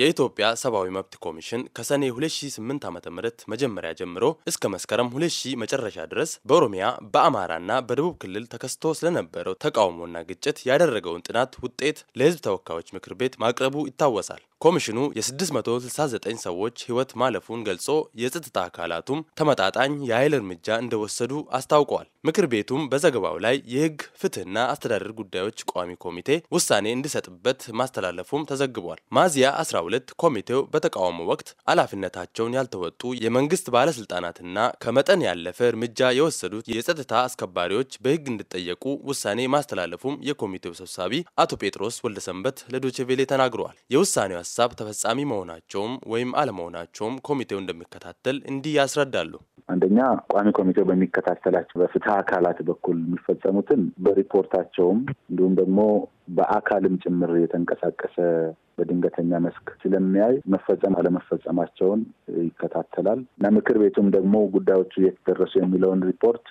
የኢትዮጵያ ሰብአዊ መብት ኮሚሽን ከሰኔ 2008 ዓ.ም መጀመሪያ ጀምሮ እስከ መስከረም 2000 መጨረሻ ድረስ በኦሮሚያ በአማራና በደቡብ ክልል ተከስቶ ስለነበረው ተቃውሞና ግጭት ያደረገውን ጥናት ውጤት ለሕዝብ ተወካዮች ምክር ቤት ማቅረቡ ይታወሳል። ኮሚሽኑ የ669 ሰዎች ሕይወት ማለፉን ገልጾ የጸጥታ አካላቱም ተመጣጣኝ የኃይል እርምጃ እንደወሰዱ አስታውቀዋል። ምክር ቤቱም በዘገባው ላይ የሕግ ፍትህና አስተዳደር ጉዳዮች ቋሚ ኮሚቴ ውሳኔ እንዲሰጥበት ማስተላለፉም ተዘግቧል። ሚያዝያ 12 ኮሚቴው በተቃውሞ ወቅት ኃላፊነታቸውን ያልተወጡ የመንግስት ባለስልጣናትና ከመጠን ያለፈ እርምጃ የወሰዱት የጸጥታ አስከባሪዎች በሕግ እንዲጠየቁ ውሳኔ ማስተላለፉም የኮሚቴው ሰብሳቢ አቶ ጴጥሮስ ወልደሰንበት ለዶቼ ቬሌ ተናግረዋል። የውሳኔው ሀሳብ ተፈጻሚ መሆናቸውም ወይም አለመሆናቸውም ኮሚቴው እንደሚከታተል እንዲህ ያስረዳሉ። አንደኛ ቋሚ ኮሚቴው በሚከታተላቸው በፍትህ አካላት በኩል የሚፈጸሙትን በሪፖርታቸውም እንዲሁም ደግሞ በአካልም ጭምር የተንቀሳቀሰ በድንገተኛ መስክ ስለሚያይ መፈጸም አለመፈጸማቸውን ይከታተላል እና ምክር ቤቱም ደግሞ ጉዳዮቹ የተደረሱ የሚለውን ሪፖርት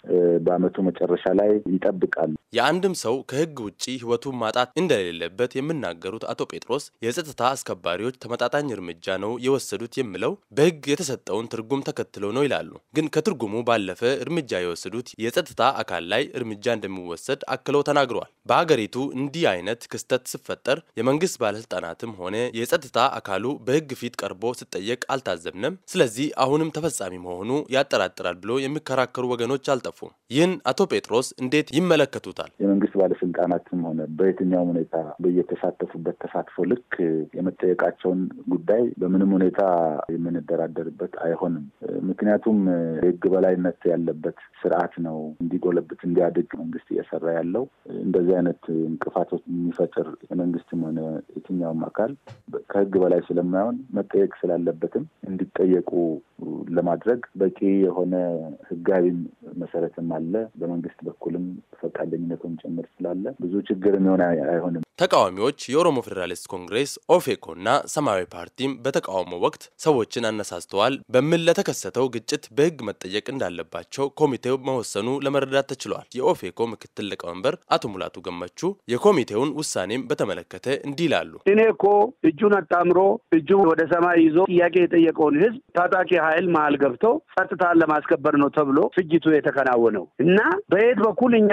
በአመቱ መጨረሻ ላይ ይጠብቃል። የአንድም ሰው ከህግ ውጭ ህይወቱን ማጣት እንደሌለበት የሚናገሩት አቶ ጴጥሮስ የጸጥታ አስከባሪዎች ተመጣጣኝ እርምጃ ነው የወሰዱት የሚለው በህግ የተሰጠውን ትርጉም ተከትሎ ነው ይላሉ። ግን ከትርጉሙ ባለፈ እርምጃ የወሰዱት የጸጥታ አካል ላይ እርምጃ እንደሚወሰድ አክለው ተናግረዋል። በሀገሪቱ እንዲህ አይነት አይነት ክስተት ሲፈጠር የመንግስት ባለስልጣናትም ሆነ የጸጥታ አካሉ በህግ ፊት ቀርቦ ሲጠየቅ አልታዘብንም። ስለዚህ አሁንም ተፈጻሚ መሆኑ ያጠራጥራል ብሎ የሚከራከሩ ወገኖች አልጠፉም። ይህን አቶ ጴጥሮስ እንዴት ይመለከቱታል? የመንግስት ባለስልጣናትም ሆነ በየትኛውም ሁኔታ በየተሳተፉበት ተሳትፎ ልክ የመጠየቃቸውን ጉዳይ በምንም ሁኔታ የምንደራደርበት አይሆንም። ምክንያቱም የህግ በላይነት ያለበት ስርዓት ነው እንዲጎለብት እንዲያድግ መንግስት እየሰራ ያለው እንደዚህ አይነት እንቅፋቶች የሚፈጥር የመንግስትም ሆነ የትኛውም አካል ከህግ በላይ ስለማይሆን መጠየቅ ስላለበትም እንዲጠየቁ ለማድረግ በቂ የሆነ ህጋዊም መሰረትም አለ። በመንግስት በኩልም ፈቃደኝነቱን ጭምር ስላለ ብዙ ችግር የሚሆን አይሆንም። ተቃዋሚዎች የኦሮሞ ፌዴራሊስት ኮንግሬስ ኦፌኮ እና ሰማያዊ ፓርቲም በተቃውሞ ወቅት ሰዎችን አነሳስተዋል በሚል ለተከሰተው ግጭት በህግ መጠየቅ እንዳለባቸው ኮሚቴው መወሰኑ ለመረዳት ተችሏል። የኦፌኮ ምክትል ሊቀመንበር አቶ ሙላቱ ገመቹ የኮሚቴውን ውሳኔም በተመለከተ እንዲህ ይላሉ። እኔ እኮ እጁን አጣምሮ እጁን ወደ ሰማይ ይዞ ጥያቄ የጠየቀውን ህዝብ ታጣቂ ኃይል መሀል ገብቶ ጸጥታን ለማስከበር ነው ተብሎ ፍጅቱ የተከናወነው እና በየት በኩል እኛ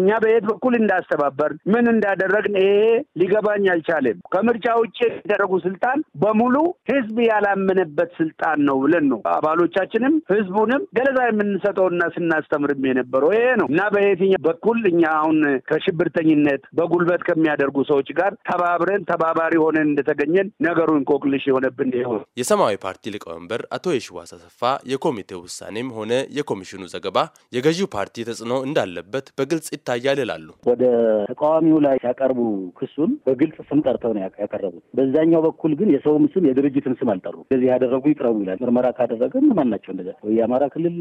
እኛ በየት በኩል እንዳስተባበር ምን እንዳደረ ካደረግን ይሄ ሊገባኝ አልቻለም። ከምርጫ ውጭ የሚደረጉ ስልጣን በሙሉ ህዝብ ያላመነበት ስልጣን ነው ብለን ነው አባሎቻችንም ህዝቡንም ገለጻ የምንሰጠውና ስናስተምርም የነበረው ይሄ ነው እና በየትኛው በኩል እኛ አሁን ከሽብርተኝነት በጉልበት ከሚያደርጉ ሰዎች ጋር ተባብረን ተባባሪ ሆነን እንደተገኘን ነገሩ እንቆቅልሽ የሆነብን ይሆ የሰማያዊ ፓርቲ ሊቀመንበር አቶ የሽዋስ አሰፋ የኮሚቴው ውሳኔም ሆነ የኮሚሽኑ ዘገባ የገዢው ፓርቲ ተጽዕኖ እንዳለበት በግልጽ ይታያል ይላሉ። ወደ ተቃዋሚው ላይ ሲያቀርቡ ክሱን በግልጽ ስም ጠርተው ነው ያቀረቡት። በዛኛው በኩል ግን የሰውም ስም የድርጅትን ስም አልጠሩ። እንደዚህ ያደረጉ ይቅረቡ ይላል። ምርመራ ካደረገ ማን ናቸው እንደዛ? ወይ የአማራ ክልል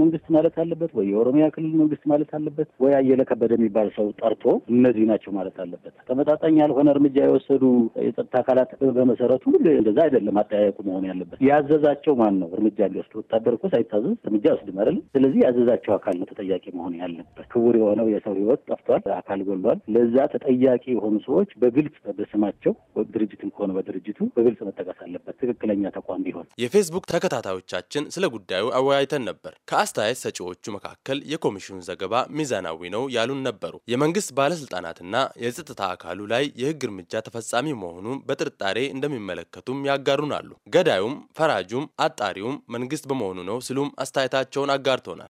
መንግስት ማለት አለበት፣ ወይ የኦሮሚያ ክልል መንግስት ማለት አለበት፣ ወይ አየለ ከበደ የሚባል ሰው ጠርቶ እነዚህ ናቸው ማለት አለበት። ተመጣጣኝ ያልሆነ እርምጃ የወሰዱ የጸጥታ አካላት በመሰረቱ እንደዛ አይደለም አጠያየቁ መሆን ያለበት። ያዘዛቸው ማን ነው እርምጃ ሊወስድ? ወታደር እኮ ሳይታዘዝ እርምጃ ወስድ አይደለም። ስለዚህ ያዘዛቸው አካል ነው ተጠያቂ መሆን ያለበት። ክቡር የሆነው የሰው ህይወት ጠፍቷል፣ አካል ጎሏል። ለዛ ተጠ ተጠያቂ የሆኑ ሰዎች በግልጽ በስማቸው ድርጅትም ከሆነ በድርጅቱ በግልጽ መጠቀስ አለበት፣ ትክክለኛ ተቋም ቢሆን። የፌስቡክ ተከታታዮቻችን ስለ ጉዳዩ አወያይተን ነበር። ከአስተያየት ሰጪዎቹ መካከል የኮሚሽኑ ዘገባ ሚዛናዊ ነው ያሉን ነበሩ። የመንግስት ባለስልጣናትና የጸጥታ አካሉ ላይ የህግ እርምጃ ተፈጻሚ መሆኑን በጥርጣሬ እንደሚመለከቱም ያጋሩናሉ። ገዳዩም ፈራጁም አጣሪውም መንግስት በመሆኑ ነው ሲሉም አስተያየታቸውን አጋርቶናል።